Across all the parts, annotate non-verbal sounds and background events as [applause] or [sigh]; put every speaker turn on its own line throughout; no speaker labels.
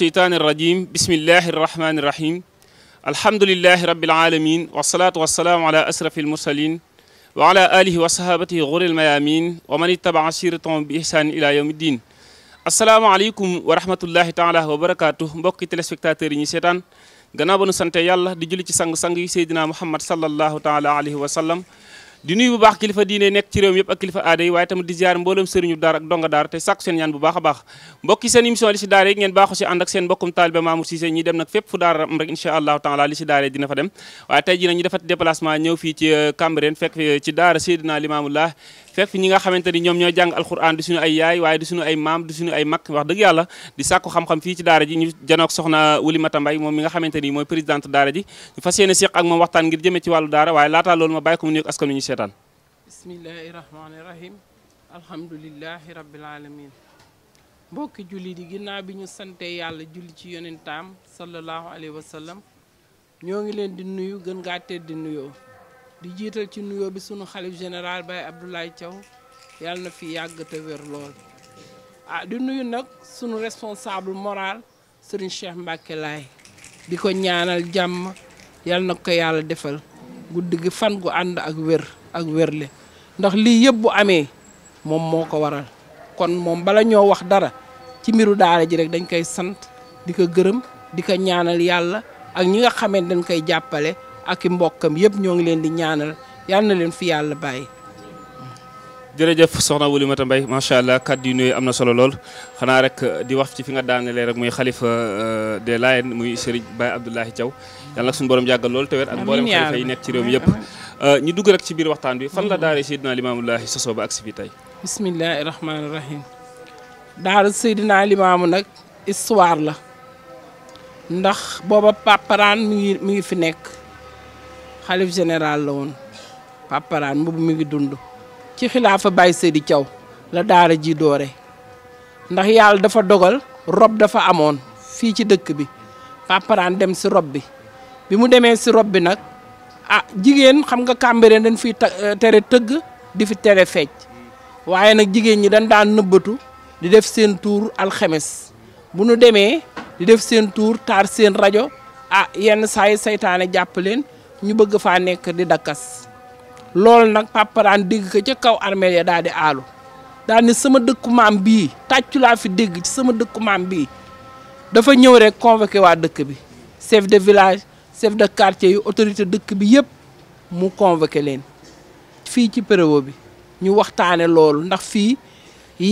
الشيطان الرجيم بسم الله الرحمن الرحيم الحمد لله رب العالمين والصلاة والسلام على أسرف المرسلين وعلى آله وصحابته غر الميامين ومن اتبع سيرتهم بإحسان إلى يوم الدين asalaamaaleykum wa rahmatullahi taala wa barakaatu mbokki téléspectateurs yi ñu seetaan gannaaw ba nu sante yàlla di julli ci sang-sang yi seydina muhammad sallallahu taala alayhi wa sallam di nuyu bu baax kilifa diine nekk ci réew mi yëpp kilifa aada yi waaye tamit di ziar mboolem sëriñu daara ak donga daara te sàkku seen ñaan bu baax a baax mbokki seen émission a si daara yi ngeen baaxu si ànd ak seen mbokkum taalibe Mamour Cissé ñi dem nag fépp fu daara am rek incha allahu taala li si daara dina fa dem waaye tey ji nag ñu defat déplacement ñëw fii ci euh, Cambérène fekk euh, ci daara Seydina Limamoulaye fekk ñi nga xamante ni ñoom ñooy jàng alxuraan di suñu ay yaay waaye di suñu ay maam di suñu ay mag wax dëgg yàlla di sàkku xam-xam fii ci daara ji ñu janook soxna Oulimata Mbaye moom mi nga xamante ni mooy présidente daara ji fa fas yéene seq ak moom waxtaan ngir jëmee ci wàllu daara waaye laataa loolu ma bàyyi ko mu nuyoog askan wi ñu seetaan
bismillahi rahmaani rahim alhamdulilahi rabbil alamin mbokki julli di ginnaaw bi ñu sante yàlla julli ci yonentaam sallallahu alayhi wa sallam ñoo ngi leen di nuyu gën ngaa di nuyoo di jiital ci nuyoo bi sunu xalif général Baye Abdoulaye Thiaw yàlla na fi yàgg te wér lool ah di nuyu nag sunu responsable moral Serigne Cheikh Mbacke Laye di ko ñaanal jàmm yàlla na ko yàlla defal gu gi fan gu ànd ak wér ak wérle ndax lii yëpp bu amee moom moo ko waral kon moom bala ñoo wax dara ci mbiru daara ji rek dañ koy sant di ko gërëm di ko ñaanal yàlla ak ñi nga xamee dañ koy jàppale ak i mbokkam yëpp ñoo ngi leen di ñaanal yal na leen fi yàlla bàyyi.
jërëjëf soxna Oulimata mbay macha allah kàddu yu nuyu am na solo lool xanaa rek uh, di wax ci fi nga daanelee rek muy xalifa uh, de Layènes muy Serigne Baye Abdoulahi Thiaw yàlla nag suñu borom jàggal lool te wér ak mboolem xalifa yi nekk ci réew mi yëpp. Uh, ñu dugg rek ci biir waxtaan bi fan la daara Seydina Limaamullahi sosoo ba agsi bi tey.
bismillahi rahmaani rahim daara Seydina Limaamu nag histoire la ndax booba paparaan mi ngi mi ngi fi nekk. xalif général la woon paparaan boobu mu ngi dund ci xilaafa Baye Seydi Thiaw la daara ji doore ndax yàlla dafa dogal rob dafa amoon fii ci dëkk bi paparaan dem si rob bi bi mu demee si rob bi nag a ah, jigéen xam nga Cambérène dañ fiy euh, tere tëgg di fi tere fecc waaye nag jigéen ñi dañ daan nëbbatu di def seen tuur alxemes bu nu demee di def seen tuur taar seen rajo a ah, yenn saa seytaane saytaane ñu bëgg faa nekk di dakkas loolu nag paparaan dégg ko ca kaw armeel ya daal di aalu daal sama dëkku maam bii tàccu laa fi dégg sama dëkku maam bii dafa ñëw rek convoqué waa dëkk bi chef de village chef de quartier yi autorité dëkk bi yëpp mu convoqué leen fii ci péréwo bi ñu waxtaane loolu ndax fii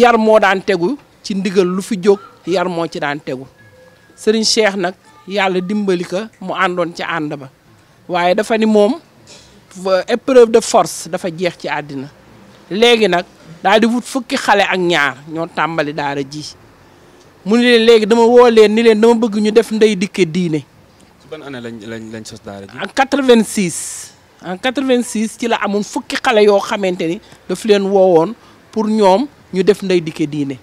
yar moo daan tegu ci ndigal lu fi jóg yar moo ci daan tegu sëriñ Cheikh nag yàlla dimbali ko mu àndoon ci ànd ba waaye dafa ni moom épreuve de force dafa jeex ci àddina léegi nag daal di wut fukki xale ak ñaar ñoo tàmbali daara ji mu ni leen léegi dama woo leen ni leen dama bëgg ñu def ndey dikke diine.
ci ban année lañ lañ lañ sos daara
ji. en en 86 ci la amul fukki xale yoo xamante ni daf leen woowoon pour ñoom ñu def ndey dikke diine.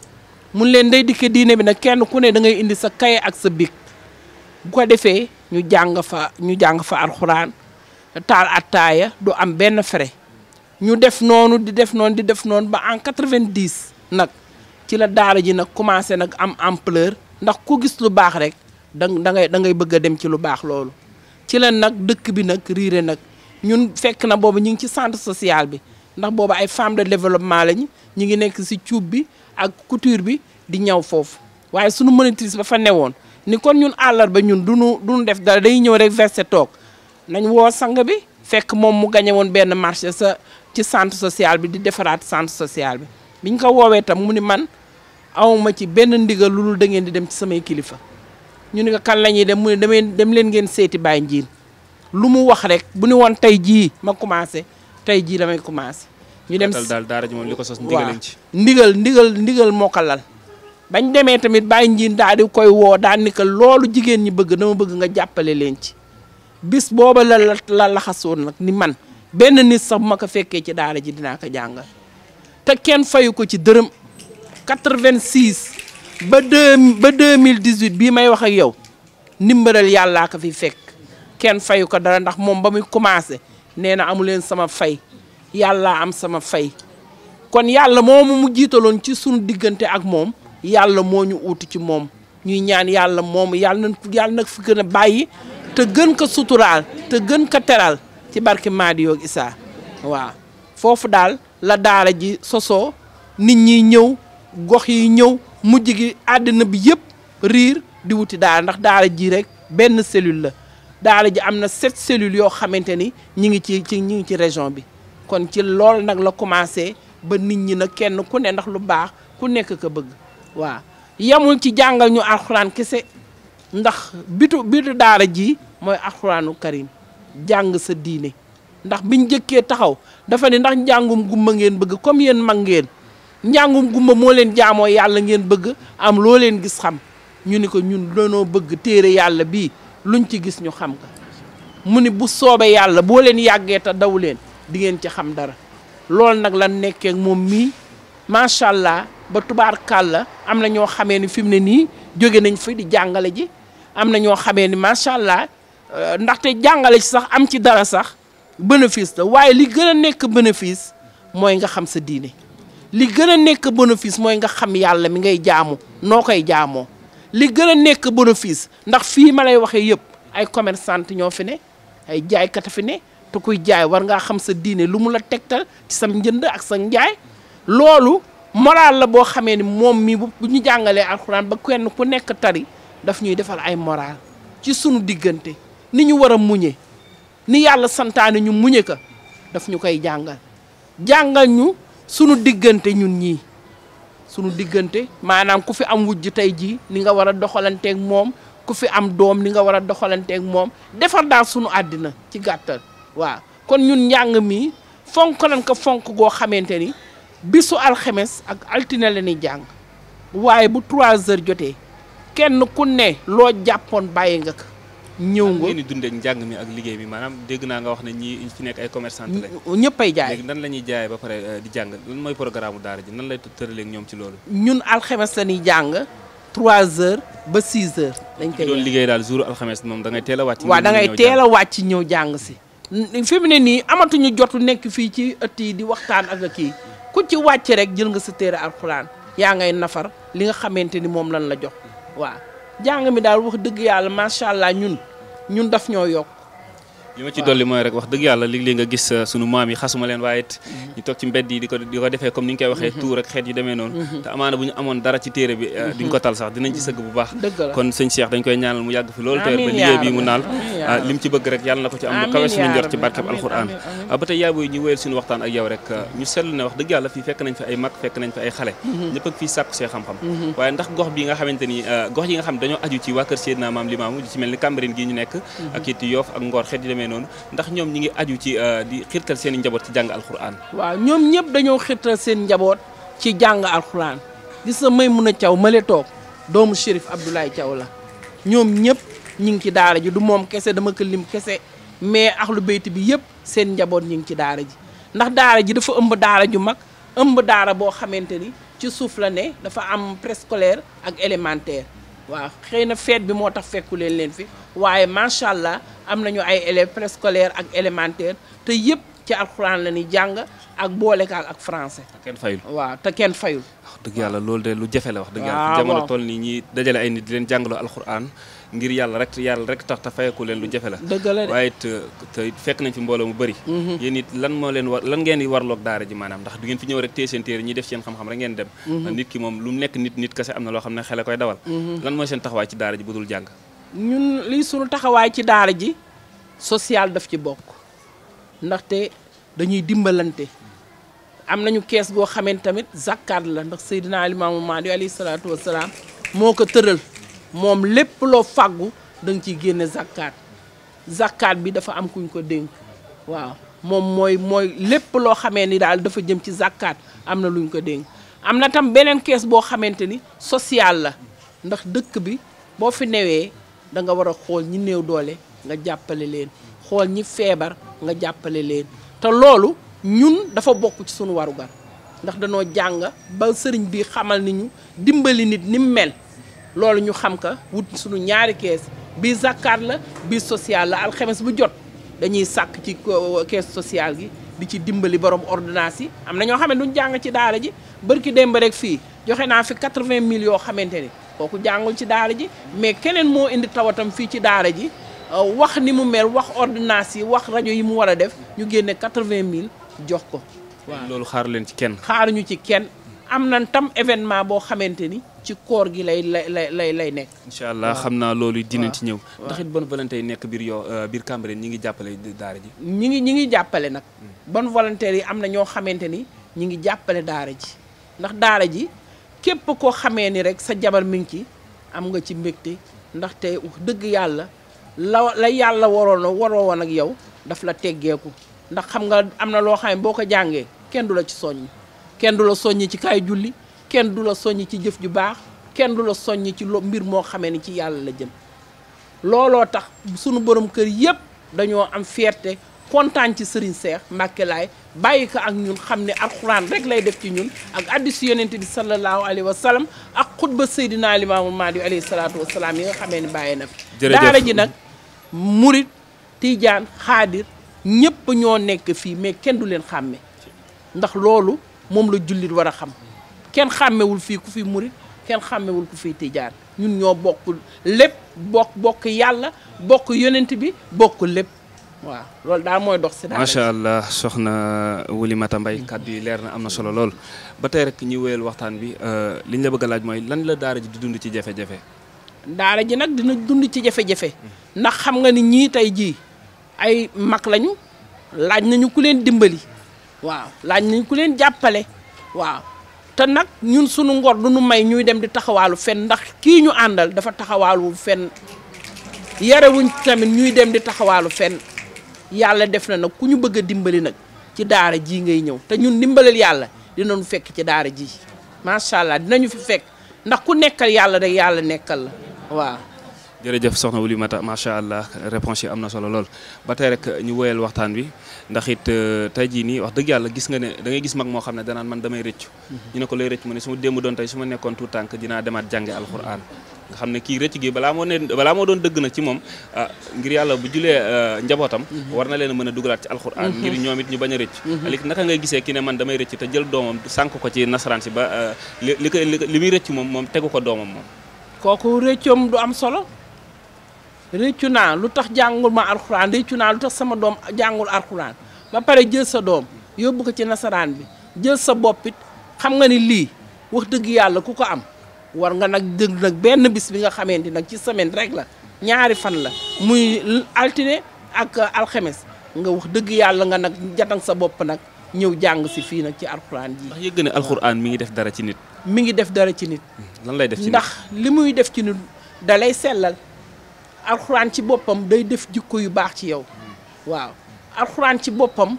mun leen ndey dikke diine bi nag kenn ku ne dangay indi sa kaye ak sa bic bu ko defee ñu jàng fa ñu jàng fa alxuraan taal attaaya du am benn frais ñu def noonu di def noonu di def noonu ba en quatre vingt nag ci la daara ji nag commencé nag am ampleur ndax ko gis lu baax rek da da ngay da ngay bëgg a dem ci lu baax loolu ci la nag dëkk bi nag riire nag ñun fekk na boobu ñu ngi ci centre social bi ndax boobu ay femmes de développement lañu ñu ngi nekk si cuub bi ak couture bi di ñaw foofu waaye sunu monitrice ba fa newoon ni kon ñun àllarba ñun du duñu def dara day ñëw rek verser toog nañ woo sang bi fekk moom mu gañe benn marché sa ci centre social bi di defaraat sant social bi biñ ko woowee tam mu ni man awma ci benn ndigal loolu da ngeen di dem ci samay kilifa ñu ni ko kan la ñuy dem mu ne damay dem leen ngeen seeti bàyyi Ndiine lu mu wax rek bu ni woon tey jii ma commencé tey jii damay commencé. ñu dem daal daara ji moom ko sos ndigal ndigal ndigal ndigal moo ko lal bañ demee tamit bàyyi njiin daal di koy woo daan ni loolu jigéen ñi bëgg dama bëgg nga jàppale leen ci bis booba la la laxasoon nag ni man benn nit sax bu ma ko fekkee ci daara ji dinaa ko jàngal te kenn fayu ko ci dërëm 86 ba deux ba 2018 bii may wax ak yow ndimbalal yàllaa ko fi fekk kenn fayu ko dara ndax moom ba muy commencé nee na amu leen sama fay yàllaa am sama fay kon yàlla moomu mu jiitaloon ci sunu diggante ak moom yàlla moo ñu uutu ci moom ñuy ñaan yàlla moom yàlla nañ yàlla nag fi gën a bàyyi te gën ko suturaal te gën ko teral ci barki Maadi yoog Isaa waaw foofu daal la daara ji sosoo nit ñi ñëw gox yi ñëw mujj gi àddina bi yëpp riir di wuti daara ndax daara ji rek benn cellule la daara ji am na sept cellules yoo xamante ni ñi ngi ci ci ñi ngi ci région bi kon ci lool nag la commencé ba nit ñi nag kenn ku ne ndax lu baax ku nekk ko bëgg waaw yemul ci jàngal ñu alxuraan kese ndax bitu bitu daara ji mooy alxuraanu karim jàng sa diine ndax biñ njëkkee taxaw dafa ne ndax njàngum gumba ngeen bëgg comme yéen mag ngeen njàngum gumba moo leen jaamoo yàlla ngeen bëgg am loo leen gis xam ñu ni ko ñun danoo bëgg téere yàlla bii luñ ci gis ñu xam ko mu ni bu soobe yàlla boo leen yàggee te daw leen di ngeen ci xam dara loolu nag lan nekkee moom mii macha allah. ba tubaarkàl la am na ñoo xamee ni fi mu ne nii jóge nañ fi di jàngale ji am na ñoo xamee ni macha allah euh, ndaxte jàngale ci sax am ci dara sax bénéfice la waaye li gën a nekk bénéfice mooy nga xam sa diine li gën a nekk bénéfice mooy nga xam yàlla mi ngay jaamu noo koy jaamoo li gën a nekk bénéfice ndax fii ma lay waxee yëpp ay commerçante ñoo fi ne ay jaaykat fi ne te kuy jaay war ngaa xam sa diine lu mu la tegtal ci sam njënd ak sa njaay loolu moral la boo xamee ni moom mii bu ñu jàngalee alxuraan ba kenn ku nekk tari daf ñuy defar ay moral ci sunu diggante ni ñu war a muñe ni yàlla santaane ñu muñe ka daf ñu koy jàngal jàngal ñu sunu diggante ñun ñii sunu diggante maanaam ku fi am wujj tey jii ni nga war a doxalanteeg moom ku fi am doom ni nga war a doxalanteeg moom defar daal sunu àddina ci gàttal waaw kon ñun njàng mi fonk nañ ko fonk goo xamante ni bisu alxemes ak altine la ñuy jàng waaye bu trois heures jotee kenn ku ne loo jàppoon bàyyi nga ko
ñëw nga ngeen di dundee njàng mi ak liggéey bi maanaam dégg naa nga wax ne ñi fi nekk ay commerçant lañ ñëppay jaay léegi nan la ñuy jaayee ba pare euh, di jàng lan mooy programme daara ji nan lay tëralee ñoom ci loolu
ñun alxemes la ñuy jàng trois
heures ba six heures dañ koy doon liggéey daal jour alxames moom da ngay teel a wàcc waaw da ngay teel a
wàcc ñëw jàng si fi mu ne nii amatuñu jotu nekk fii ci ëtt yi di waxtaan ak a kii ku ci wàcc rek jël nga sa téere alxuraan yaa ngay nafar li nga xamante ni moom lan la jox waaw jàng mi daal wax dëgg yàlla macha allah ñun ñun daf ñoo yokk
li ma ci dolli bëgg rek yàlla na ko ci am lu kawe suñu njort ci barkeb alxuraan uh, ba tey yaaboy ñu wéyal suñu waxtaan ak yow rek uh, ñu seetlu ne wax dëgg yàlla fii fekk nañ fi ay mag fekk nañ fi ay xale mm-hmm. ñëpp ak fii sàkku xam-xam mm-hmm. waaye ndax gox bi nga xamante ni uh, gox yi nga xam dañoo aju ci waa kër Seydina Maam Limaamu ci mel ni Cambérène gi ñu nekk mm-hmm. ak it Yoof ak Ngor xeet yu demee demee noonu ndax ñoom ñi ngi aju ci euh, di xirtal seen njaboot ci jàng alxuraan.
waaw ñoom ñëpp dañoo xirtal seen njaboot ci jàng alxuraan gis sa may mun a caw ma male toog doomu Chérif Abdoulaye Thiaw la ñoom ñëpp ñi ngi ci daara ji du moom kese dama ko kese mais axlu bayti bi yëpp seen njaboot ñi ngi ci daara ji ndax daara ji dafa ëmb daara ju mag ëmb daara boo xamante ni ci suuf la ne dafa am préscolaire ak élémentaire waaw xëy na feet bi moo tax fekku leen leen fi am nañu ay élèves préscolaire ak élémentaire te yëpp ci alxuraan la ñuy jàng ak boole kaak ak français.
te kenn fayul waaw te kenn fayul. wax yàlla loolu lu jafe la wax. dëgg yàlla jamono toll nii ñi dajale ay nit di leen jàngaloo alxuraan ngir yàlla rek yàlla rek tax te fayeku leen lu jafe la. dëgg la de waaye it te fekk nañ fi mbooloo mu bëri. Mhm. yéen it lan moo leen war lan ngeen di warloog daara ji maanaam ndax du ngeen fi ñëw rek téye seen téere ñi def seen xam-xam rek ngeen dem. Mhm. nit ki moom lu nekk nit nit kese am na loo xam ne xel a koy dawal. Mhm. lan mooy seen taxawaay ci daara ji budul jàng
ñun li sunu taxawaay ci daara ji social daf ci bokk ndaxte dañuy dimbalante am nañu kees goo xamee tamit sàkkaat la ndax Seydina Limaamu Mahdi alayhi salaatu wasalaam moo ko tëral moom lépp loo fàggu da nga ciy génne zakkaat zakkaat bi dafa am kuñ ko dénk waaw moom mooy mooy lépp loo xamee ni daal dafa jëm ci sàkkaat am na luñ ko dénk am na tam beneen kees boo xamante ni social la ndax dëkk bi boo fi newee da nga war a xool ñi néew doole nga jàppale leen xool ñi feebar nga jàppale leen te loolu ñun dafa bokk ci sunu warugar ndax danoo jàng ba sëriñ bi xamal ni ñu dimbali nit ni mel loolu ñu xam ka wut suñu ñaari kees bii zakkaat la bii social la alxemes bu jot dañuy sàkk ci kees social gi di ci dimbali borom ordonnance yi am na ñoo xam ne duñ jàng ci daara ji bërki démb rek fii joxe naa fi vingt mille yoo xamante ni kooku jàngul ci daara ji mais keneen moo indi tawatam fii ci daara ji euh, wax ni mu mel wax ordonnance yi wax rajo yi mu war a def ñu génne quatre-vingt mille jox ko
waaw loolu xaaru leen ci kenn
xaaruñu ci kenn am nañ tam événement boo xamante ni ci koor gi lay lay lay lay nekk
incha allah xam naa loolu dinañ ci ñëw ndax it bonne volonté yi nekk biir yoo euh, biir Cambérène ñi ngi jàppale daara ji ñi ngi ñi ngi jàppale nag hmm. bonne volonté yi am na ñoo xamante ni ñi ngi
jàppale daara ji ndax daara ji képp koo xamee ni rek sa jabar mi ngi ci am nga ci mbégte ndaxte dëgg yàlla la yàlla waroon waroo woon ak yow daf la teggeeku ndax xam nga am na loo xam ne boo ko jàngee kenn du la ci soññ kenn du la soññ ci kaay julli kenn du la soññ ci jëf ju baax kenn du la soññ ci lo mbir moo xamee ni ci yàlla la jëm looloo tax sunu borom kër yépp dañoo am fierté kontaan ci Serigne Seex Mbàkke bàyyi ko ak ñun xam ne alxuraan rek lay def ci ñun ak addis yonent bi sallallahu alayhi wa sallam ak xutba Seydina Limaamu Mahdi alayhi salaatu wa salaam yi nga xamee ne bàyyi na fi daara nag murit tiijaan xaadir ñëpp ñoo nekk fii mais kenn du leen xàmme ndax loolu moom la jullit war a xam kenn xàmmewul fii ku fi murit kenn xàmmewul ku fi tijaan ñun ñoo bokk lépp bokk bokk yàlla bokk yonent bi bokk lépp
waaw loolu daal mooy dox si daal macha allah soxna Oulimata mbay kàddu yi leer na am na solo lool ba tey rek ñu wéyal waxtaan bi euh, li ñu la bëgg laaj mooy lan la daara ji di dund ci jafe-jafe.
daara ji nag dina dund ci jafe-jafe ndax xam nga ni ñii tey jii ay mag lañu laaj nañu ku leen dimbali waaw laaj nañu ku leen jàppale waaw te nag ñun sunu ngor du nu may ñuy dem di taxawaalu fenn ndax kii ñu àndal dafa taxawaalu fenn yarewuñ tamit ñuy dem di taxawaalu fenn. yàlla def na nag ku ñu bëgg a dimbali nag ci daara ji ngay ñëw te ñun dimbalal yàlla dinañu fekk ci daara ji macha allah dinañu fi fekk ndax ku nekkal yàlla rek yàlla nekkal la waaw.
jërëjëf soxna Wuli Mata macha allah réponse yi am na solo lool ba tey rek ñu woyal waxtaan bi ndax it euh, tey nii wax dëgg yàlla gis nga ne dangay gis mag moo xam ne danaan man damay rëccu mhm. ñu ne ko lay rëcc mu ne su ma démb doon tey su ma nekkoon tout tànk dinaa demaat jànge moo ne balaa moo doon dëgg nag ci moom ah, ngir yàlla bu julee euh, njabootam mhm. war na leen mën a dugalaat ci alxuraan mhm. ngir ñoom it ñu bañ a rëcc alik naka ngay gisee ki ne man damay rëcc te jël doomam sànk ko ci nasaraan si ba euh, li li muy rëcc moom moom tegu ko doomam moom kooku rëccam du am solo réccu naa lu tax jàngul ma alxuraan réccu naa lu
tax sama doom jàngul alxuraan ba pare jël sa doom yóbbu ko ci nasaraan bi jël sa boppit xam nga ni lii wax dëgg yàlla ku ko am war nga nag dëgg nag benn bis bi nga xamante nag ci semaine rek la ñaari fan la muy altine ak alxemes nga wax dëgg yàlla nga nag jatang sa bopp nag ñëw jàng si fii nag ci alxuraan ji. ndax
yëg ne alxuraan mi ngi def dara ci nit. mi
ngi def dara ci nit.
Hmm, lan lay def ci nit ndax
li muy def ci nit dalay sellal. alxuraan ci boppam day def jikko yu baax ci yow waaw alxuraan ci boppam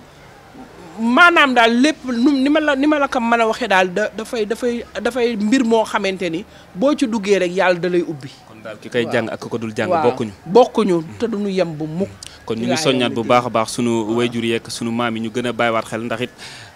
maanaam daal lépp nu ni ma la ni ma la ko mën a waxee daal da dafay dafay dafay mbir moo xamante ni boo ci duggee rek yàlla da lay ubbi. kon daal ki koy jàng ak
ko dul jàng. bokkuñu bokkuñu
hmm. te duñu yem bu mukk
kon ñu ngi soññaat bu baax a baax sunu wayjur yeeg sunu maam yi ñu gën a bàyyiwaat xel ndaxit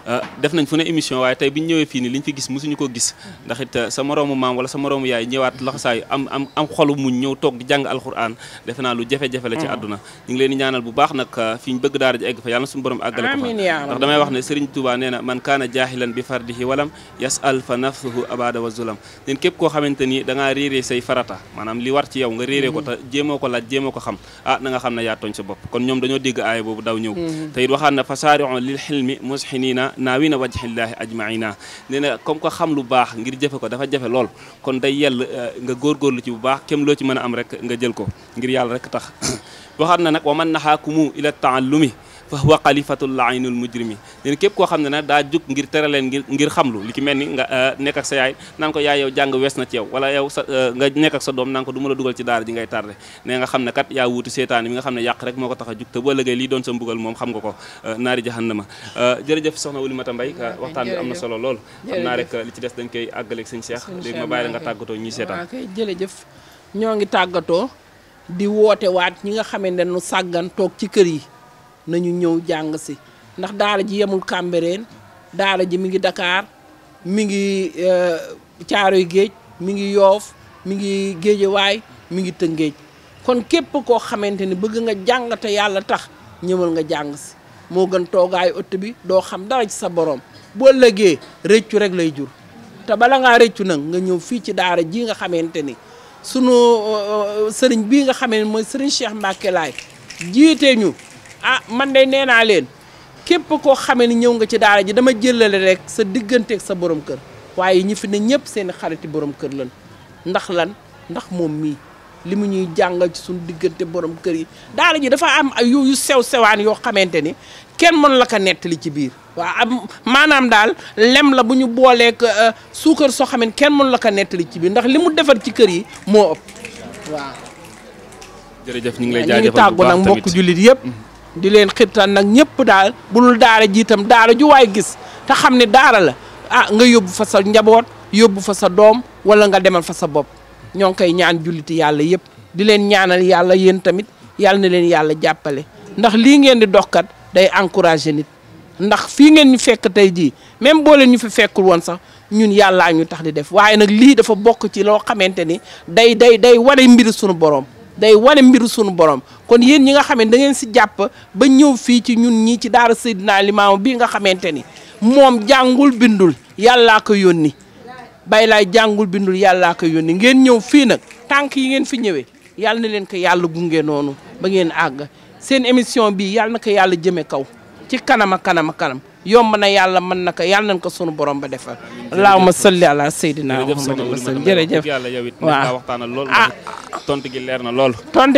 Euh, def nañ fu ne émission waaye tey bi ñëwee fii nii li fi gis mosuñu ko gis ndax euh, sa moroomu maam wala sa moroomu yaay ñëwaat laxasaayu am xolu muñ ñëw toog jàng alxuraan defe naa lu jafe-jafe la ci mm. àdduna ñu ngi leen di ñaanal bu baax nag euh, fi ñu bëgg daara ji egg fa yàlla na suñu wax ne Serigne Touba nee na man kaana jaahilan bi fardihi walam yas'al fa nafsuhu abada wa zulam leen képp koo xamante ni da ngaa say farata maanaam li war ci yow nga réeree ko te mm. jéemoo ko laaj jéemoo ko xam ah na nga xam ne yaa sa bopp kon ñoom dañoo dégg aaya boobu daw ñëw mm. te it waxaan na fasaari'u lil hilmi mushiniina na naawina wajhillaahi ajmaina nee na comme ko xam lu baax ngir jëfe ko dafa jafe lool kon day yell euh, nga lu ci bu baax kem loo ci mën a am rek nga jël ko ngir yal rek tax [coughs] waxaat na nag wa man naxaakumu ila taallumi fa huwa xalifatul laynul mujrimi leen képp koo xam ne na daa jug ngir tere leen ngir ngir xamlu li ki mel ni nga euh, nekk ak sa yaay naan ko yaay yow jàng wees na ci yow wala yow sa euh, nga nekk ak sa doom naan ko du la dugal ci daara ji ngay tardé ne nga xam ne kat yaa wuuti seetaan mi nga xam ne yàq rek moo ko tax a jug te boo lëggee lii doon sa mbugal moom xam nga ko euh, naari jahannama jërëjëf soxna Oulimata Mbaye waxtaan bi am na solo lool xam naa rek li ci des dañ koy àggaleeg sëñ Cheikh léegi nga tàggatoo ñuy seetaan
jërëjëf ñoo ngi tàggatoo di woote waat ñi nga xamante ne nu sàggan ci kër yi nañu ñëw jàng si ndax daara ji yemul Cambérène daara ji mi ngi Dakar mi ngi Caaroy euh, Géej mi ngi Yoof mi ngi Géejawaay mi ngi Tëngéej kon képp koo xamante ni bëgg nga jàng yàlla tax ñëwal nga jàng si moo gën toogaayu ëtt bi doo xam dara ji sa borom boo lëgee rëccu rek lay jur te bala nga rëccu nag nga ñëw fii ci daara ji nga xamante ni sunu euh, euh, sëriñ bi nga xamee ni mooy sëriñ Cheikh Mbacke laay jiite ñu ah man de nee naa leen képp koo xamee ni ñëw nga ci daara ji dama jëlale rek sa diggante ak sa borom kër waaye ñi fi ne ñëpp seeni xariti borom kër lan ndax lan ndax moom mii li mu ñuy jàngal ci suñu diggante borom kër yi daara ji dafa am ay yu sew sewaan yoo xamante ni kenn mën la ko nettali ci biir waa am maanaam daal lem la bu ñu booleek euh, suukar soo xamante kenn mën la ko nettali ci biir ndax li mu defar ci kër yi moo
ëpp waaw ñu ngi lay jaajëfal bu baax tàggu nag mbokk jullit yëpp mm-hmm.
di leen xirtaan nag ñëpp daal bulul daara jiitam daara ju waay gis te xam ne daara la ah nga yóbbu fa sa njaboot yóbbu fa sa doom wala nga demal fa sa bopp ñoo ngi koy ñaan julliti yàlla yëpp di leen ñaanal yàlla yéen tamit yàlla na leen yàlla jàppale ndax lii ngeen di doxkat day encouragé nit ndax fii ngeen ñu fekk tey jii même boo leen ñu fi fekkul woon sax ñun yàllaa ñu tax di def waaye nag lii dafa bokk ci loo xamante ni day day day waree mbiri sunu borom. day wane mbiru sunu borom kon yéen ñi nga xam ne da ngeen si jàpp ba ñëw fii ci ñun ñii ci daar daara Seydina Limaamu bii nga xamante ni moom jàngul bindul yàllaa ko yónni bay laay jàngul bindul yàllaa ko yónni ngeen ñëw fii nag tànk yi ngeen fi ñëwee yàlla na leen ko yàlla gungee noonu ba ngeen àgg seen émission bi yàlla na ko yàlla jëme kaw ci kanam ak kanam ak kanam yomb na yàlla mën na ko yàlla nañ ko sunu borom
ba defal. allahumma salli
ala sayyidina Muhammad wa sallam jërëjëf yàlla
yow it waaw waxtaanal lool tont gi leer na lool ah. tont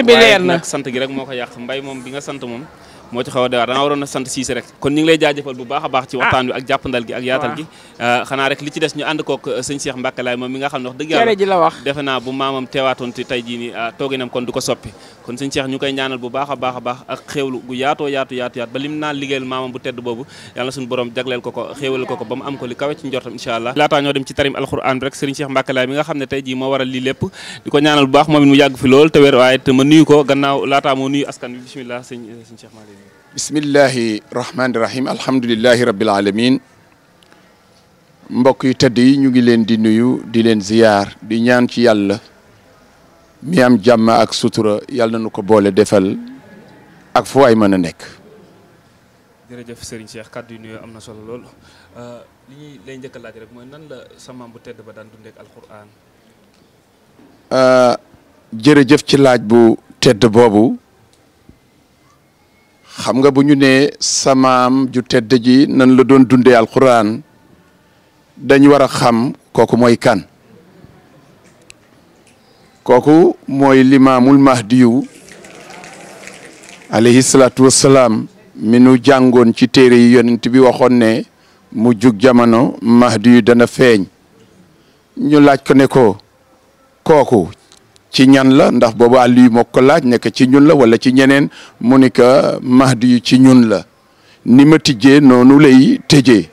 na sant gi moo ko yàq mbay moom bi nga sant moom moo ci xaw a dewaa danga waroon a sant Cissé rek kon ñu ngi lay jaajëfal bu baax a baax ci ah. waxtaan wi ak jàppandal gi ak yaatal gi ah, xanaa rek li ci des ñu ànd kook eh, sëñ Cheikh Mbacke laay moom mi nga xam ne wax dëgg yàlla defe naa bu maamam teewaatoon ci tey jii ni tooginam kon du ko soppi kon sëñ Cheikh ñu koy ñaanal bu baax a baax a baax a xéewlu gu yaatoo yaatu yaatu yaatu ba lim naa liggéeyal maamam bu tedd boobu yàlla suñu borom jagleel ko ko xéewal ko ko am ko li kawe ci njortam incha allah laataa ñoo dem ci tarim alquran bi rek sëriñ Cheikh Mbacke Laye nga xam ne tey jii moo waral lii lépp di ko ñaanal bu baax moom it mu yàgg fi lool te wér waaye te ma nuyu ko gannaaw laataa moo nuyu askan bi bisimilah sëñ sëñ Cheikh Mbacke
bismillahi rahmaani rahim alhamdulilahi rabbil alamin mbokk yu tedd yi ñu ngi leen di nuyu di leen ziyaar di ñaan ci yàlla mi am jàmm ak sutura yàlla na nu ko boole defal ak foo ay mën a nekk.
jërëjëf Serigne Cheikh kàddu am na solo lool euh, li ñuy lay njëkk laaj rek mooy nan la sa maam bu tedd ba daan dundee
euh, ci laaj bu tedd boobu xam nga bu ñu nee samaam maam ju tedd ji nan la doon dundee alxuraan dañ war a xam kooku mooy kan. kooku mooy limaamul mahdiyu alayhi salaatu wassalaam mi nu jàngoon ci téere yi yonent bi waxoon ne mu jug jamono mahdiyu dana feeñ ñu laaj ko ne ko kooku ci ñan la ndax boobu àll yu moo ko laaj nekk ci ñun la wala ci ñeneen mu ni mahdiyu ci ñun la ni ma tijjee noonu lay tëjee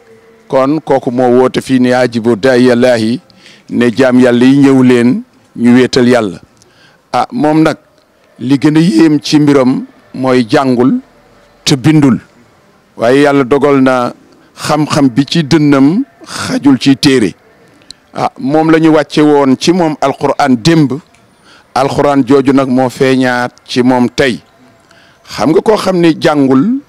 kon kooku moo woote fii ne ajibu daayallaahi ne jaam yàlla yi ñëw leen ñu wéetal yàlla a ah, moom nag li gën a yéem ci mbiram mooy jàngul te bindul waaye yàlla dogal na xam-xam bi ci dënnam xajul ci téere ah moom la ñu wàcce woon ci moom alquran démb alquran jooju nag moo feeñaat ci moom tey xam nga koo xam ni jàngul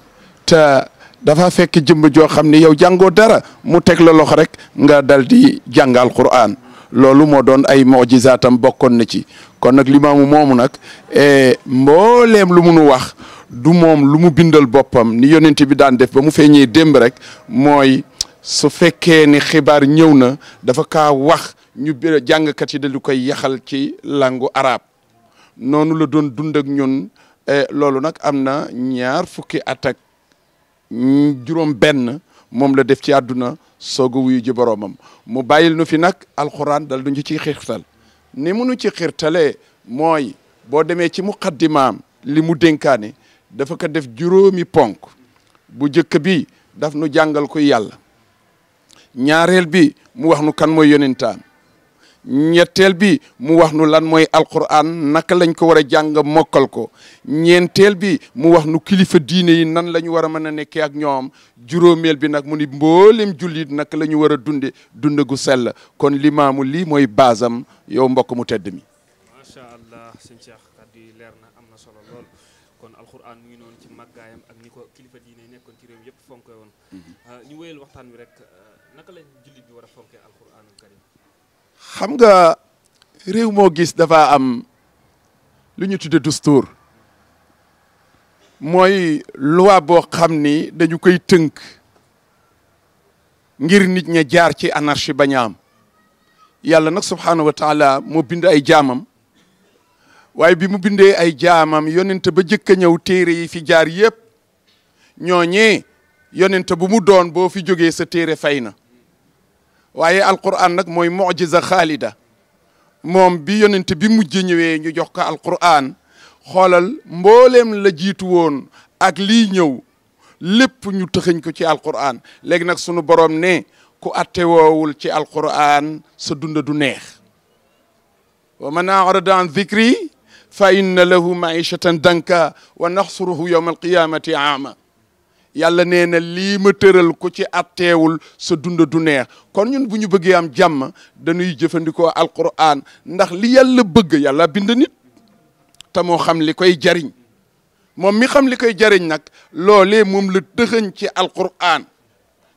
te dafa fekk jëmb joo xam ni yow jàngoo dara mu teg la loxo rek nga dal di jàng alquran loolu moo doon ay mojisaatam bokkoon na ci kon nag limaamu moomu nag e, mbooleem lu mu nu wax du moom lu mu bindal boppam ni yonent bi daan def ba mu feeñee démb rek mooy su fekkee ni xibaar ñëw na dafa kaa wax ñu jàngkat yi dañu koy yaxal ci langu arab noonu la doon dundak ñun e, loolu nag am na ñaar fukki at ak juróom benn moom la def ci àdduna soog a wuyu ji boroomam mu bàyyil nu fi nag alxuraan dal duñu ci xiirtal ni munu ci xiirtalee mooy boo demee ci muqaddimaam li mu dénkaane dafa ko def juróomi ponk bu jëkk bi daf nu jàngal ko yàlla ñaareel bi mu wax nu kan mooy yonentaam ñetteel bi mu wax nu lan mooy alquran naka lañ ko war a jàng mokkal ko ñeenteel bi mu wax nu kilifa diine yi nan la ñu war a mën a nekkee ak ñoom juróomeel bi nag mu ni mboolem jullit naka lañu ñu war a dunde dund gu sell kon limaamu lii mooy baasam yow mbokk mu tedd mi.
macha allah si Cheikh kàddu leer na am na solo lool kon alquran mu ngi noonu ci màggaayam ak ni ko kilifa diine yi nekkoon ci réew yëpp fonk woon mhm. ah, ñu wéyal waxtaan wi rek ah,
xam nga réew moo gis dafa am lu ñu tudde dustuur mooy loi boo xam ni dañu koy tënk ngir nit ña jaar ci anarchie bañ a am yàlla nag subhaanahu wa moo bind ay jaamam waaye bi mu bindee ay jaamam yonente ba jëkk a ñëw téere yi fi jaar yépp ñooñee yonente bu mu doon boo fi jógee sa téere fay na waaye alquran nag mooy mujiza xaalida moom bi yonent bi mujj ñëwee ñu jox ko alquran xoolal mbooleem la jiitu woon ak lii ñëw lépp ñu tëxëñ ko ci alquran léegi nag sunu borom ne ku atte woowul ci alquran sa dunda du neex wa man arada an dikri fa inna lahu maishatan danka wa naxsuruhu yawma alqiyamati ama yàlla nee na lii ma tëral ku ci atteewul sa dund du neex kon ñun bu ñu bëggee am jàmm dañuy jëfandikoo alquran ndax li yàlla bëgg yàlla bind nit te moo xam li koy jariñ moom mi xam li koy jariñ nag loolee moom la dëxëñ ci alquran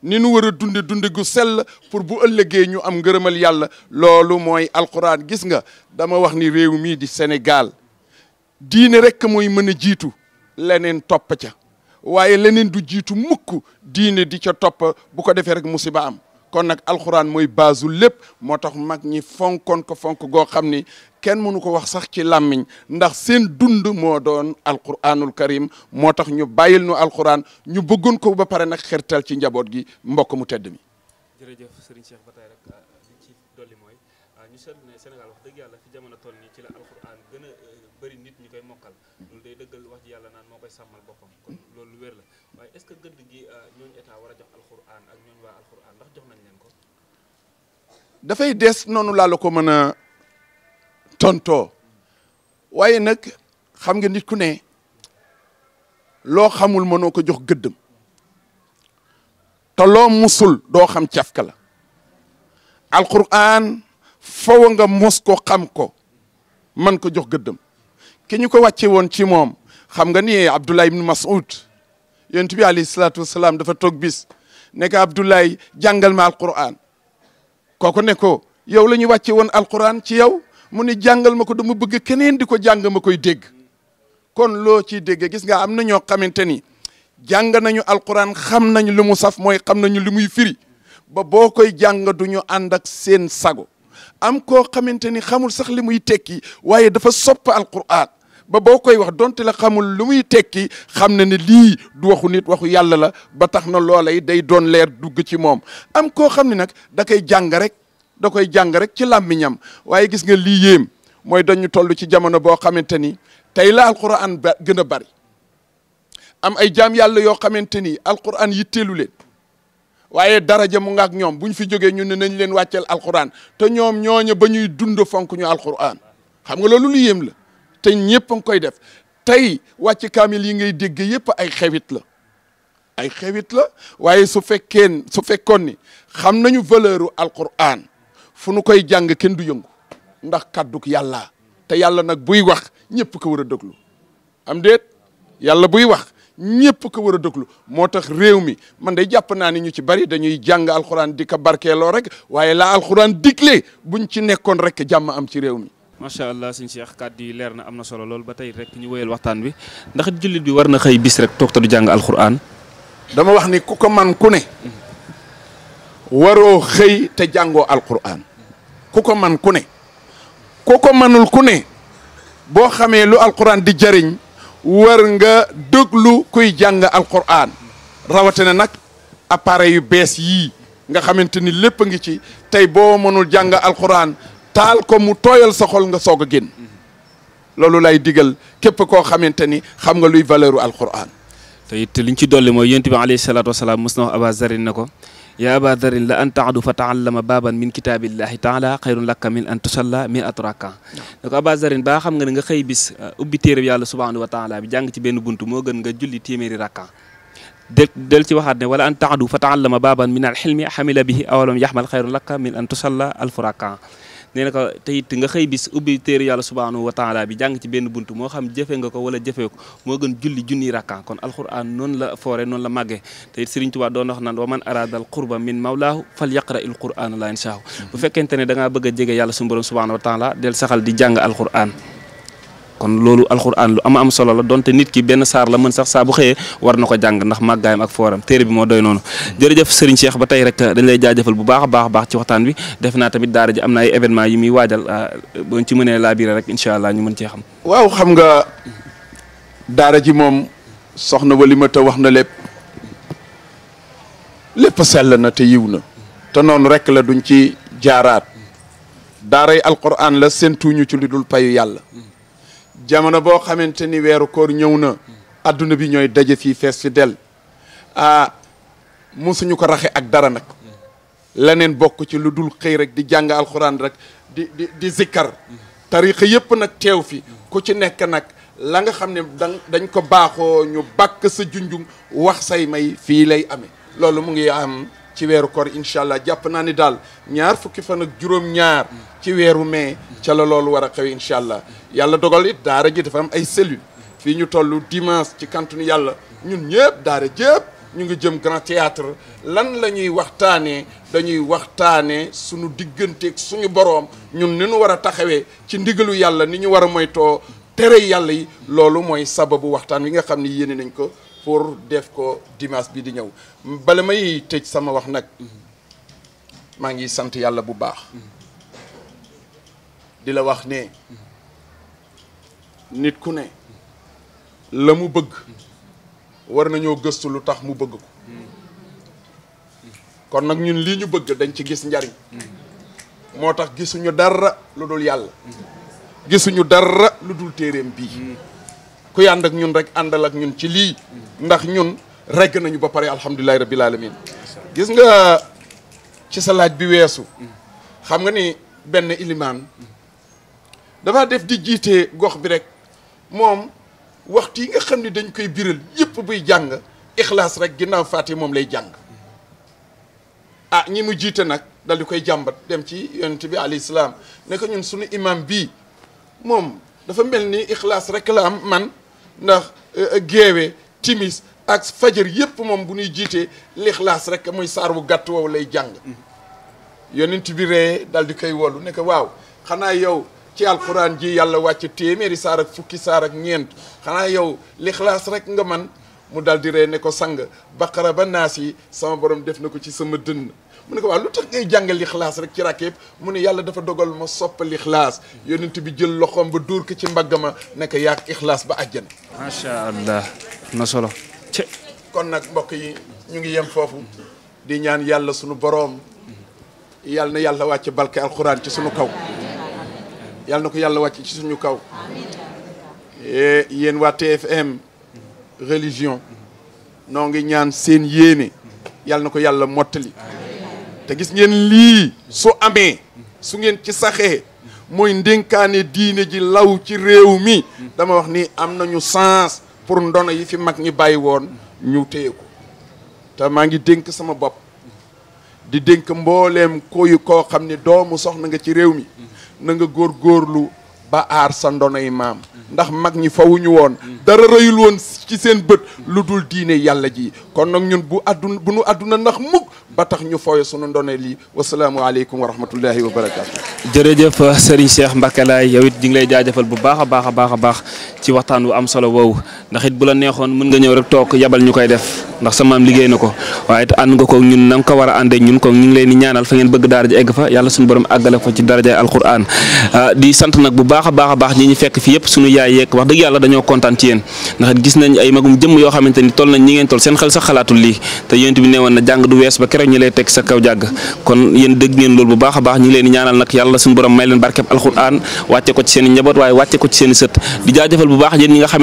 ni nu war a dunde dunde gu sell pour bu ëllëgee ñu am ngërëmal yàlla loolu mooy alquran gis nga dama wax ni réew mii di Sénégal diine rekk mooy mën a jiitu leneen topp ca waaye leneen du jiitu mukk diine di ca topp bu ko defee rek musiba am kon nag alxuraan mooy baasu lépp moo tax mag ñi fonkon ko fonk goo xam ni kenn mënu ko wax sax ci làmmiñ ndax seen dund moo doon alxuraanul karim moo tax ñu bàyyil nu alxuraan ñu bëggoon ko ba pare nag xertal ci njaboot gi mbokk mu tedd mi
jërëjëf Serigne ah ñu seetlu ne Sénégal wax dëgg yàlla fi jamono toll nii ci la alxuraan gën a euh, nit ñi koy mokkal mm-hmm. loolu day wax ji yàlla naan moo koy sàmmal boppam kon mm-hmm. loolu lu wér la waaye est-ce que gëdd gi euh, ñooñu état war a jox alxuraan ak
ñooñu waa alxuraan ndax jox nañ leen ko dafay des noonu laa la ko mën a tontoo waaye nag xam nga nit ku ne loo xamul mënoo ko jox gëddam te loo musul doo xam cafka la alxuraan faw nga mos ko xam ko man ko jox gëddam ki ñu ko wàcce woon ci moom xam nga ni Abdullah ibn Mas'ud yonent bi alayhi salaatu wasalaam dafa toog bis ne ko Abdullah jàngal ma ko ko ne ko yow la ñu wàcce woon alquran ci yow mu ni jàngal ma ko dama bëgg keneen di ko jàng ma koy dégg kon loo ci déggee gis nga am na ñoo xamante ni jàng nañu alquran xam nañu li mu saf mooy xam nañu li muy firi ba boo koy jàng du ñu ànd seen sago am ko xamante ni xamul sax li muy tekki waaye dafa sopp alquran ba boo koy wax donte la xamul lu muy tekki xam na ne lii du waxu nit waxu yàlla la ba tax na loolay day doon leer dugg ci moom am koo xam ne nag da koy jàng rek da koy jàng rek ci làmmiñam waaye gis nga lii yéem mooy dañu toll ci jamono boo xamante ni tey la alquran ba a bari am ay jam yàlla yoo xamante ni alquran yitteelu leen waaye daraja mu nga ak ñoom bu ñu fi jógee ñun ne nañ leen wàcceel alquran te ñoom ñooña ba ñuy dund fonku ñu alquran xam nga loolu lu yéem la te ñëpp a koy def tey wàcc kaamil yi ngay dégg yëpp ay xewit la ay xewit la waaye su fekkeen su fekkoon ni xam nañu valeuru alquran fu nu koy jàng kenn du yëngu ndax kàdduk yàlla te yàlla nag buy wax ñëpp ko war a déglu am déet yàlla buy wax ñëpp ko war a déglu moo tax réew mi man day jàpp naa ni ñu ci bari dañuy jàng alxuraan di ko lool rek waaye laa alxuraan bu ñu ci nekkoon rek jàmm am ci réew mi.
macha allah sëñ Cheikh kàddu yi leer na am na solo lool ba tey rek ñu wéyal waxtaan wi ndax jullit bi war na xëy bis rek toog ta du jàng
alxuraan. dama wax ni ku ko man ku ne. waroo xëy te jàngoo alxuraan. ku ko man ku ne. ku ko manul ku ne. boo xamee lu alxuraan di jariñ war nga déglu kuy jàng alquran rawatina nag appareil yu bees yii nga xamante ni lépp ngi ci tey boo mënul jàng alquran taal ko mu tooyal sa nga soog a génn loolu lay digal képp koo xamante ni xam nga luy valeur u alquran. te
it ñu ci dolli mooy yonent bi alayhi salaatu wasalaam mos na wax Abaa Zarin na ko. yaa aba darin la an taadu fa taallama baaban min kitaabillahi taala xayrun lakka min an tusalla mi atraka ne ko aba darin baa xam nga ne nga xëy bis euh, ubbi téere bi yàlla subhanahu wa taala bi jàng ci benn bunt moo gën nga julli téeméeri raka del del ci ne wala an taadu fa taallama baaban min al xilmi xamila bihi awalam yaxmal xayrun lakka min an tusalla alfu rakka nee na ko te it nga xëy bis ubbi téere yàlla subhaanahu wa taala bi jàng ci benn bunt moo xam jëfe nga ko wala jëfee ko moo gën julli junniy rakka kon alquran noonu la foore noonu la màggee te it Sëriñ Tuubaa doon wax naan wa man aradal qurba min mawlaahu fal yaqra il qur'ana la inshaahu bu fekkente ne da ngaa bëgg a jege yàlla suñu borom subhaanahu wa del saxal di jàng alquran kon loolu alxuraan lu ama am solo la donte nit ki benn saar la mën sax saabu xëyee war na ko jàng ndax màggaayam ak fooram téere bi moo doy noonu jërëjëf Serigne Cheikh ba tey rek uh, dañ lay jaajëfal bu baax baax baax waxtaan bi def naa tamit daara ji am na ay yi muy waajal uh, buñ ci mënee laa biire rek incha allah
ñu mën cee waaw xam nga daara ji moom soxna Walimata wax na lépp lépp sell na te te noonu rek la duñ ci jaaraat daaray alquran la seentuuñu ci lu dul payu yàlla jamono boo xamante ni weeru koor ñëw na adduna bi ñooy daje fii fees fi del ah mosuñu ko raxe ak dara nag leneen bokk ci lu dul xëy rek di jàng alxuraan rek di di di zikkar tarixa yëpp nag teew fi ku ci nekk nag la nga xam ne dañ dañ ko baaxoo ñu bàkk sa junjung wax say may fii lay amee loolu mu ngi am ci weeru koor incha allah jàpp naa ni daal ñaar fukki fan ak juróom-ñaar ci weeru mai ca la loolu war a xew incha allah yàlla dogal it daara ji dafa am ay cellule fii ñu toll dimanche ci kantunu yàlla ñun ñëpp daara jëpp ñu ngi jëm grand théâtre lan la ñuy waxtaanee dañuy waxtaanee suñu digganteeg suñu boroom ñun ni ñu war a taxawee ci ndigalu yàlla ni ñu war a moytoo tere yàlla yi loolu mooy sababu waxtaan wi nga xam ni yéene nañ ko pour def ko dimaas bi di ñëw bale may tëj sama wax nag maa ngi sant yàlla bu baax di la wax ne nit ku ne la mu bëgg war nañoo gëstu lu tax mu bëgg ko kon nag ñun lii ñu bëgg dañ ci gis njariñ moo tax gisuñu dara lu dul yàlla gisuñu dara lu dul téereem bii ku ànd ak ñun rek àndal ak ñun ci lii ndax ñun regg nañu ba pare alhamdulilahi rabbil alamin gis nga ci sa laaj bi weesu xam nga ni benn ilimaan dafa def di jiite gox bi rek moom waxtu yi nga xam ne dañ koy biral yëpp buy jàng ixlaas rek ginnaaw faati moom lay jàng ah ñi mu jiite nag dal di koy jàmbat dem ci yonent bi alayhi salaam ne ñun suñu imaam bii moom dafa mel ni ixlaas rek la am man ndax euh, géewe timis ak fajar yépp moom bu ñuy jiitee lixlaas rek muy saar wu gàtt wow lay jàng yonent bi ree dal di koy wolu ne ko waaw xanaa yow ci alxuraan ji yàlla wàcc téeméeri saar ak fukki saar ak ñeent xanaa yow lixlaas rek nga man mu dal di ree ne ko sang baqara ba naas yi sama borom def na ko ci sama dënn mu ne ko waaw lu tax ngay jàngal lixlaas rek ci rakk rakib mu ne yàlla dafa dogal ma soppa lixlaas yonent bi jël loxoom ba dóor ko ci mbagg ma nekk yaak ixlaas ba àjjana macha
allah na solo
kon nag mbokk yi ñu ngi yem foofu di ñaan yàlla sunu boroom yàlla na yàlla wàcc balke alxuraan ci suñu kaw yàlla na ko yàlla wàcc ci suñu kaw e, yéen waa TFM religion noo ngi ñaan seen yéene yàlla na ko yàlla mottali te gis ngeen lii su amee su ngeen ci saxee mooy ndénkaane diine ji law ci réew mi dama wax ni am nañu sens pour ndono yi fi mag ñi bàyyi woon ñu téye ko te maa ngi dénk sama bopp di dénk mbooleem koyu koo xam ne doomu soxna nga ci réew mi na nga góorgóorlu ba aar sa yi maam ndax mag ñi fawuñu woon dara rëyul woon ci seen bët lu dul diine yàlla ji kon nag ñun bu àdduna bu nu àdduna ndax mukk ba tax ñu fooy sunu ndone lii wa rahmatullahi wa barakaatu.
jërëjëf Serigne Cheikh Mbacke Laye yow it ñu ngi lay jaajëfal bu baax a baax a baax a baax ci waxtaan wu am solo woowu ndax it bu la neexoon mën nga ñëw rek toog yabal ñu koy def ndax sa maam liggéey na ko waaye it ànd nga ko ñun na ko war a àndee ñun ko ñu ngi leen di ñaanal fa ngeen bëgg daara ji egg fa yàlla suñu borom àggale fa ci daraja alquran ah, di sant nag bu baax a baax a baax ñi fi yëpp suñu yaay yeeg wax dëgg yàlla dañoo kontaan ci yéen ndax ni toll nañ ñi ngeen toll pare lay teg sa kaw jàgg kon yéen dégg ngeen loolu bu baax a baax ñi ngi leen ñaanal nag yàlla suñu may leen barkeb alxuraan wàcce ko ci seen i waaye wàcce ko ci seen sët di jaajëfal bu baax yéen ñi nga euh,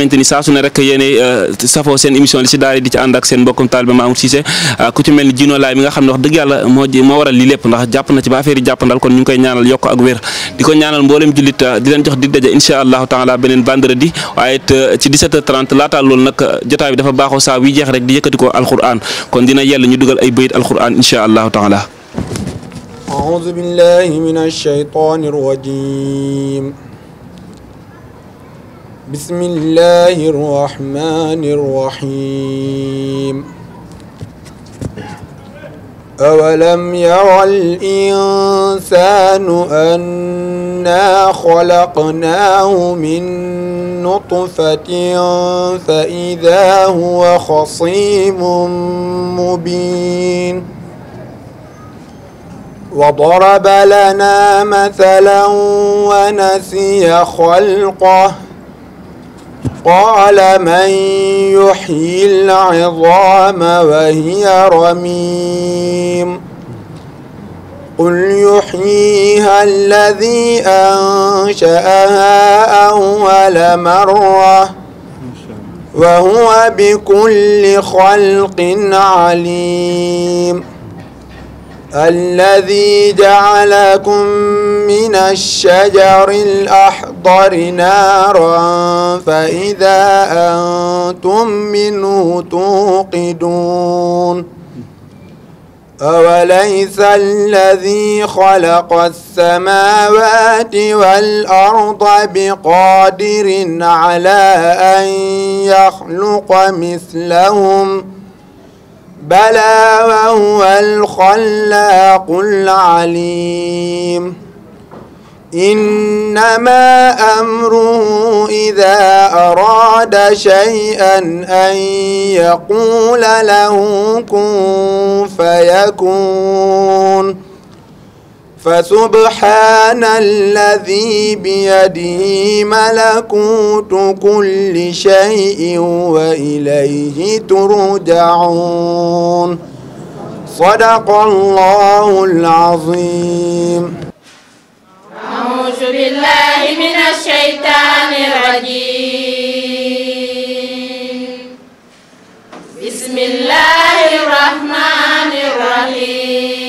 euh, xam ne wax dëgg yàlla moo waral lii lépp ndax jàpp na ci ba affaire yi jàppandal kon ñu koy ñaanal yokk ak wér di ko ñaanal mboolem jullit euh, di jox dig daje incha allahu taala beneen vendredi waaye ci 17h30 laata loolu nag jotaay bi dafa alquran incha allahu taala
أعوذ بالله من الشيطان الرجيم بسم الله الرحمن الرحيم أولم يرى الإنسان أنا خلقناه من نطفة فإذا هو خصيم مبين وضرب لنا مثلا ونسي خلقه قال من يحيي العظام وهي رميم قل يحييها الذي أنشأها أول مرة وهو بكل خلق عليم الذي جعلكم من الشجر الأحضر نارا فإذا أنتم منه توقدون أوليس الذي خلق السماوات والأرض بقادر على أن يخلق مثلهم ؟ بلى وهو الخلاق العليم إنما أمره إذا أراد شيئا أن يقول له كن فيكون فسبحان الذي بيده ملكوت كل شيء وإليه ترجعون صدق الله العظيم أعوذ بالله من الشيطان
الرجيم بسم الله الرحمن الرحيم